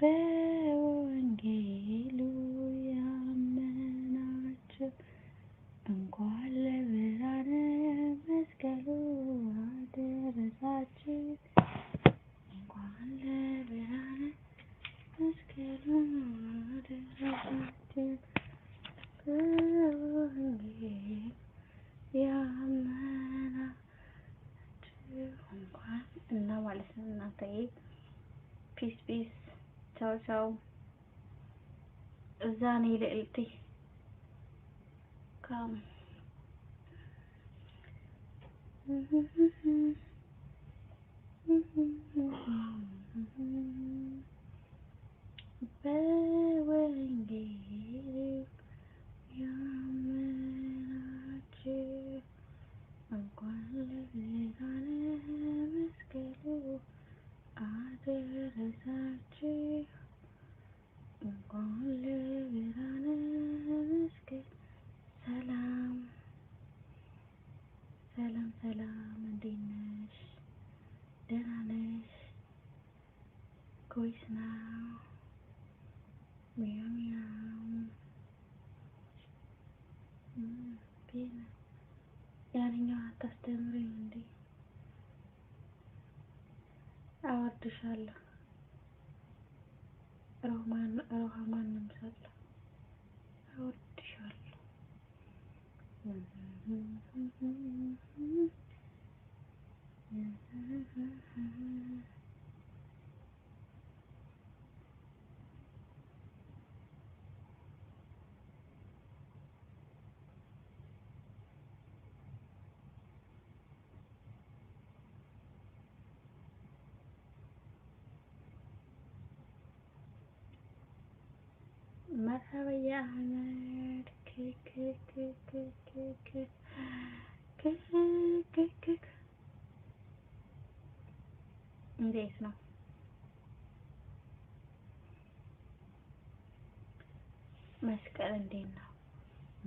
በወንጌሉ ያመናችሁ እንኳን ለብርሃነ መስቀሉ አደረሳችሁ። እንኳን ለብርሃነ መስቀሉ አደረሳችሁ። በወንጌሉ ያመናችሁ እንኳን እና ማለት ነው እናንተዬ ፒስ ፒስ ቻው ቻው። እዛ ነኝ ልዕልቲ ካም በ ሰላም ሰላም፣ እንዴት ነሽ? ደህና ነሽ? ኮይስ ነው? ሚያው ሚያው። ያንኛው አታስተምሪኝ እንዴ? አወድሻለሁ። ሮማን ሮሃማን ማንም ሰለ مرحبا يا أهلا እንዴት ነው? መስቀል እንዴት ነው?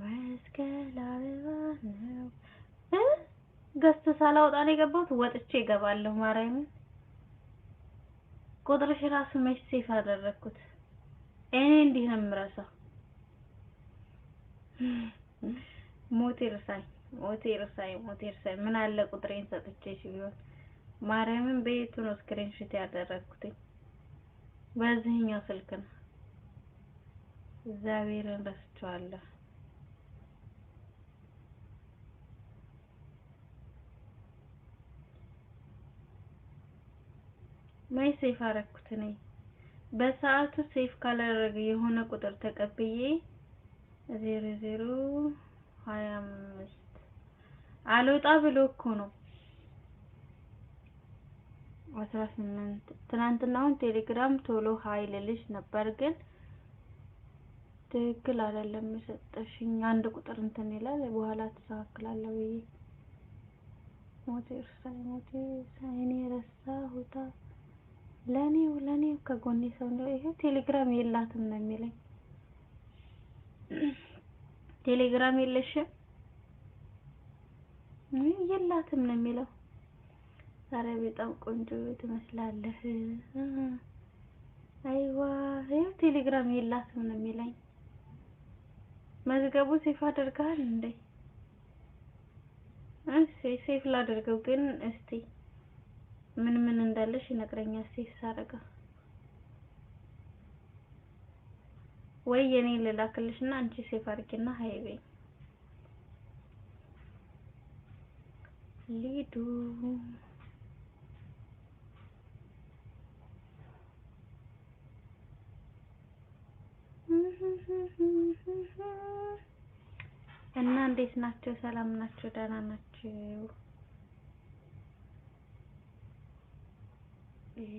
መስቀል አበባ ነው። ገዝቶ ሳላወጣ ነው የገባሁት። ወጥቼ እገባለሁ። ማርያምን ቁጥርሽ ራሱ መች ሴፍ አደረግኩት። እኔ እንዲህ ነው የምረሳው። ሞቴ እርሳኝ፣ ሞቴ እርሳኝ፣ ሞቴ እርሳኝ። ምን አለ ቁጥሬን ሰጥቼሽ ቢሆን ማርያምን በየቱ ነው ስክሪን ሾት ያደረግኩትኝ? በዚህኛው ስልክ ነው። እግዚአብሔርን ረስቸዋለሁ ማይ ሴፍ አረኩትኔ እኔ በሰዓቱ ሴፍ ካላደረገ የሆነ ቁጥር ተቀብዬ ዜሮ ዜሮ ሀያ አምስት አልወጣ ብሎ እኮ ነው። አስራ ስምንት ትናንትናውን ቴሌግራም ቶሎ ሀይ ልልሽ ነበር ግን ትክክል አይደለም የሰጠሽኝ። አንድ ቁጥር እንትን ይላል በኋላ ተስተካክላለሁ ብዬ ሞቴ እርሳይ ሞቴ ሳይኔ ረሳ ሁታ ለኔው ለኔው ከጎኔ ሰው ነው። ይሄ ቴሌግራም የላትም ነው የሚለኝ ቴሌግራም የለሽም? የላትም ነው የሚለው። ዛሬ በጣም ቆንጆ ትመስላለህ። አይዋ ይኸው ቴሌግራም የላትም ነው የሚለኝ። መዝገቡ ሴፍ አድርገሃል እንዴ? እሺ ሴፍ ላድርገው ግን እስቲ ምን ምን እንዳለሽ ይነግረኛል ሴፍ ሳረጋ ወይ የኔ እና አንቺ ሴፍ አድርጊና ሀይቤ ሊዱ እና እንዴት ናቸው? ሰላም ናቸው? ደህና ናቸው?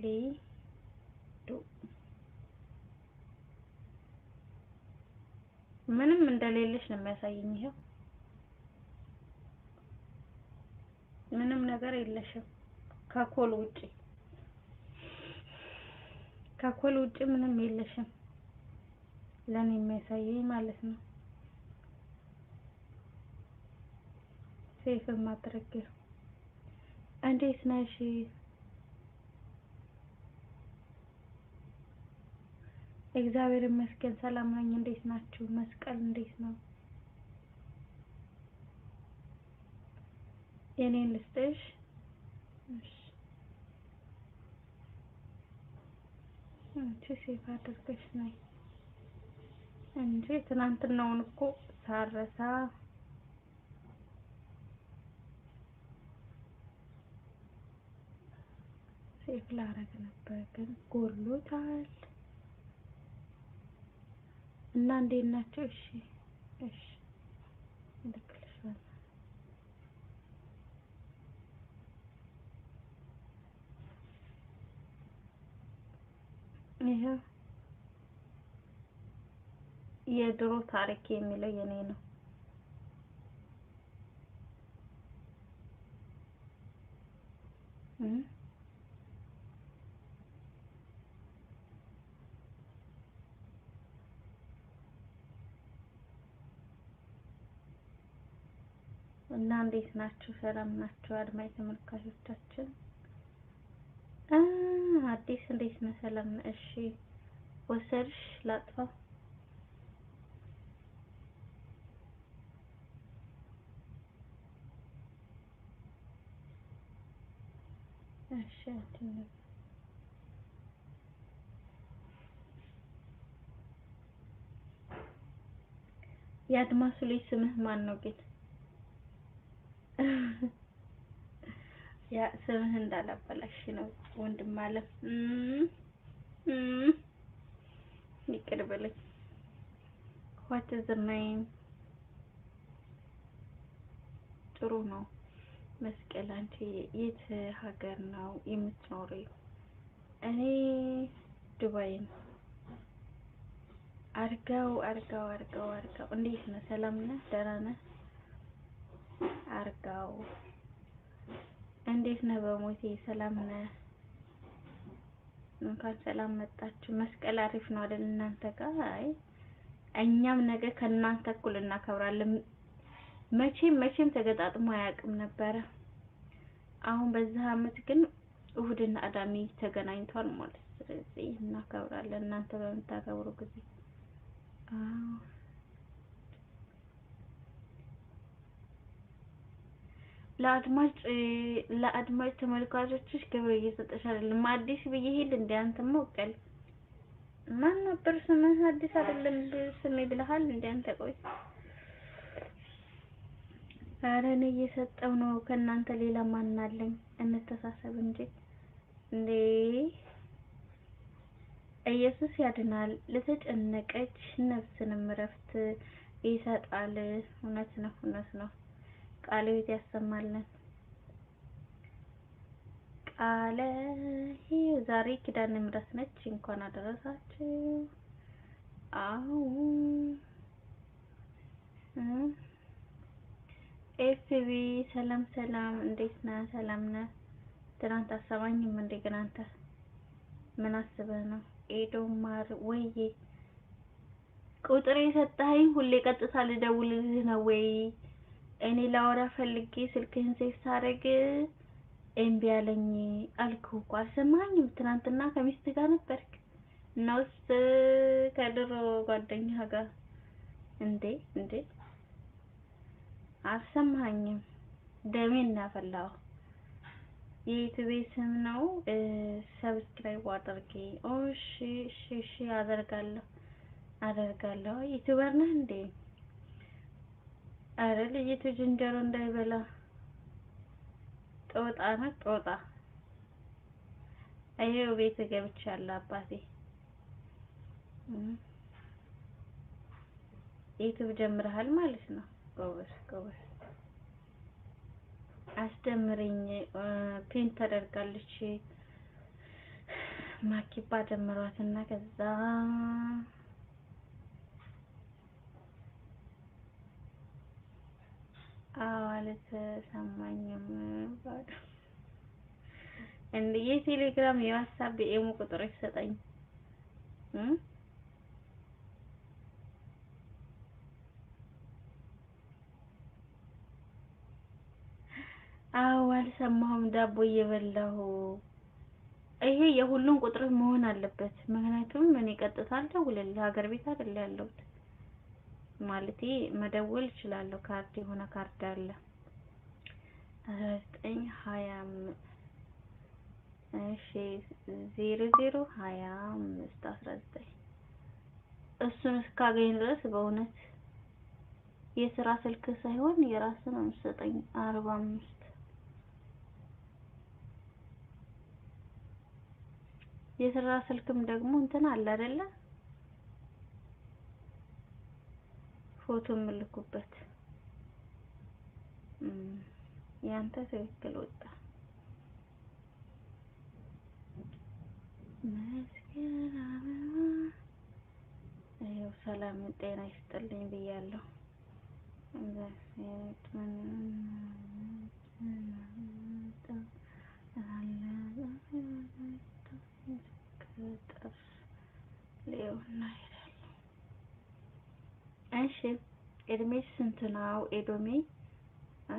ሊ ምንም እንደሌለሽ ነው የሚያሳየኝ። ይሄው ምንም ነገር የለሽም ከኮል ውጪ ከኮል ውጪ ምንም የለሽም ለኔ የሚያሳየኝ ማለት ነው። ሴፍ ማድረግ እንዴት ነሽ? እግዚአብሔር ይመስገን ሰላም ነኝ። እንዴት ናችሁ? መስቀል እንዴት ነው? የኔን ልስጥሽ። እሺ ሴፍ አድርገሽ ነይ እንጂ ትናንትናውን እኮ ሳረሳ ሴፍ ላረግ ነበር ግን ጎሎታል። እና እንዴት ናቸው? እሺ እሺ ይሄ የድሮ ታሪክ የሚለው የኔ ነው። እህ እና እንዴት ናችሁ? ሰላም ናችሁ? አድማጭ ተመልካቾቻችን አዲስ እንዴት ነው? ሰላም ነው? እሺ ወሰድሽ ላጥፋው የአድማሱ ልጅ ስምህ ማን ነው? ጌት ያ ስምህ እንዳላበላሽ ነው ወንድም አለ። ይቅር በለኝ። ዋት ዘማይን ጥሩ ነው። መስቀል አንቺ የት ሀገር ነው የምትኖሪው? እኔ ዱባይ ነው። አርጋው አርጋው አርጋው አርጋው፣ እንዴት ነው ሰላም ነህ? ደህና ነህ? አርጋው እንዴት ነህ በሞቴ ሰላም ነህ? እንኳን ሰላም መጣችሁ። መስቀል አሪፍ ነው አይደል? እናንተ ጋር አይ እኛም ነገ ከእናንተ እኩል እናከብራለን። መቼም መቼም ተገጣጥሞ አያውቅም ነበረ። አሁን በዚህ አመት ግን እሁድና አዳሚ ተገናኝቷል ማለት ስለዚህ እናከብራለን። እናንተ በምታከብሩ ጊዜ ለአድማጭ ለአድማጭ ተመልካቾችሽ ክብር እየሰጠሽ አይደለም። አዲስ ብዬ ሄድ እንደ አንተማ ወቀል ማን ነበር ስምህ? አዲስ አይደለም ስሜ ብለሃል እንደ አንተ። ቆይ ኧረ እኔ እየሰጠው ነው። ከእናንተ ሌላ ማን አለኝ? እንተሳሰብ እንጂ እንዴ ኢየሱስ ያድናል። ለተጨነቀች ነፍስንም እረፍት ይሰጣል። እውነት ነው፣ እውነት ነው። ቃለ ሕይወት ያሰማልን። ቃለ ሕይወት ዛሬ ኪዳነ ምሕረት ነች። እንኳን አደረሳችሁ። አሁን ኤፍቢ ሰላም ሰላም፣ እንዴት ነህ? ሰላም ነህ? ትናንት አሰማኝም እንዴ? ግን አንተ ምን አስበህ ነው? ኤዶ ማር ወይዬ ቁጥር የሰጠኸኝ ሁሌ ቀጥታ ልደውልልህ ነው ወይ? እኔ ላወራ ፈልጌ ስልክህን ሴፍ ሳደርግ እምቢ አለኝ አልኩህ እኮ አልሰማኸኝም? ትናንትና ከሚስት ጋር ነበርክ ነውስ ከድሮ ጓደኛህ ጋር? እንዴ እንዴ አልሰማኸኝም? ደሜ እናፈላው የዩቲዩብ ስም ነው። ሰብስክራይብ አድርጌ። ኦ እሺ እሺ አደርጋለሁ አደርጋለሁ። ዩቱበር ነህ እንዴ? አረ ልጅቱ ዝንጀሮ እንዳይበላ ጦጣ ነው ጦጣ። ይሄው ቤት ገብቻለሁ አባቴ። ዩቱብ ጀምረሃል ማለት ነው። ጎበዝ ጎበዝ። አስደምሪኝ ፒን ተደርጋለች ማኪባ ጀምሯትና ። እና ከዛ አልተሰማኝም። እንዴ የቴሌግራም የዋትስአፕ የኢሞ ቁጥር ይሰጠኝ። አዎ አልሰማሁም፣ ዳቦ እየበላሁ ይሄ የሁሉም ቁጥር መሆን አለበት። ምክንያቱም እኔ ቀጥታ አልደውልልህ ሀገር ቤት አይደል ያለሁት። ማለቴ መደወል እችላለሁ። ካርድ የሆነ ካርድ አለ 1925 እሱን እስካገኝ ድረስ በእውነት የስራ ስልክ ሳይሆን የራስ ነው የምትሰጠኝ። 45 የስራ ስልክም ደግሞ እንትን አለ አይደለ? ፎቶ የምልኩበት y antes de pelota. ይኸው ሰላም ጤና ይስጥልኝ ብያለሁ። እሺ እድሜ ስንት ነው? ኤዶሜ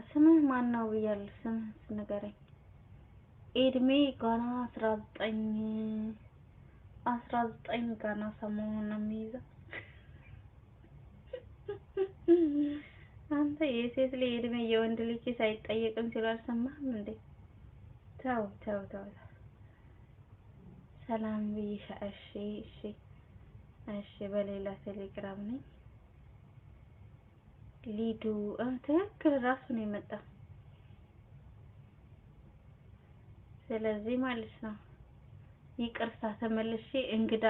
ስምህ ማን ነው ብያለሁ። ስምህ ንገረኝ። እድሜ ገና አስራ ዘጠኝ አስራ ዘጠኝ ገና ሰሞኑን ነው የሚይዘው። አንተ የሴት ልጅ እድሜ የወንድ ልጅ ሳይጠየቅም ሲሉ አልሰማህም እንዴ? ተው ተው ተው። ሰላም ብዬሽ። እሺ እሺ እሺ። በሌላ ቴሌግራም ነኝ። ሊዱ ትክክል ራሱ ነው የመጣው። ስለዚህ ማለት ነው ይቅርታ ተመልሼ እንግዳ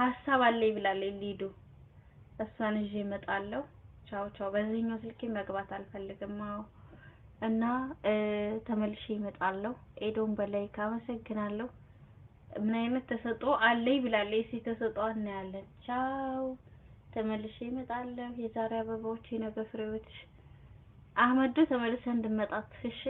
ሀሳብ አለኝ ብላለኝ ሊዱ። እሷን ይዤ እመጣለሁ። ቻው ቻው። በዚህኛው ስልኬ መግባት አልፈልግም። አዎ እና ተመልሼ እመጣለሁ። ኤዶን በላይ ካመሰግናለሁ። ምን አይነት ተሰጦ አለኝ ብላለች። እሺ ተሰጦ እናያለን። ቻው ተመልሼ እመጣለሁ። የዛሬ አበባዎች የነገ ፍሬዎች። አህመዱ ተመልሰህ እንድመጣት እሺ።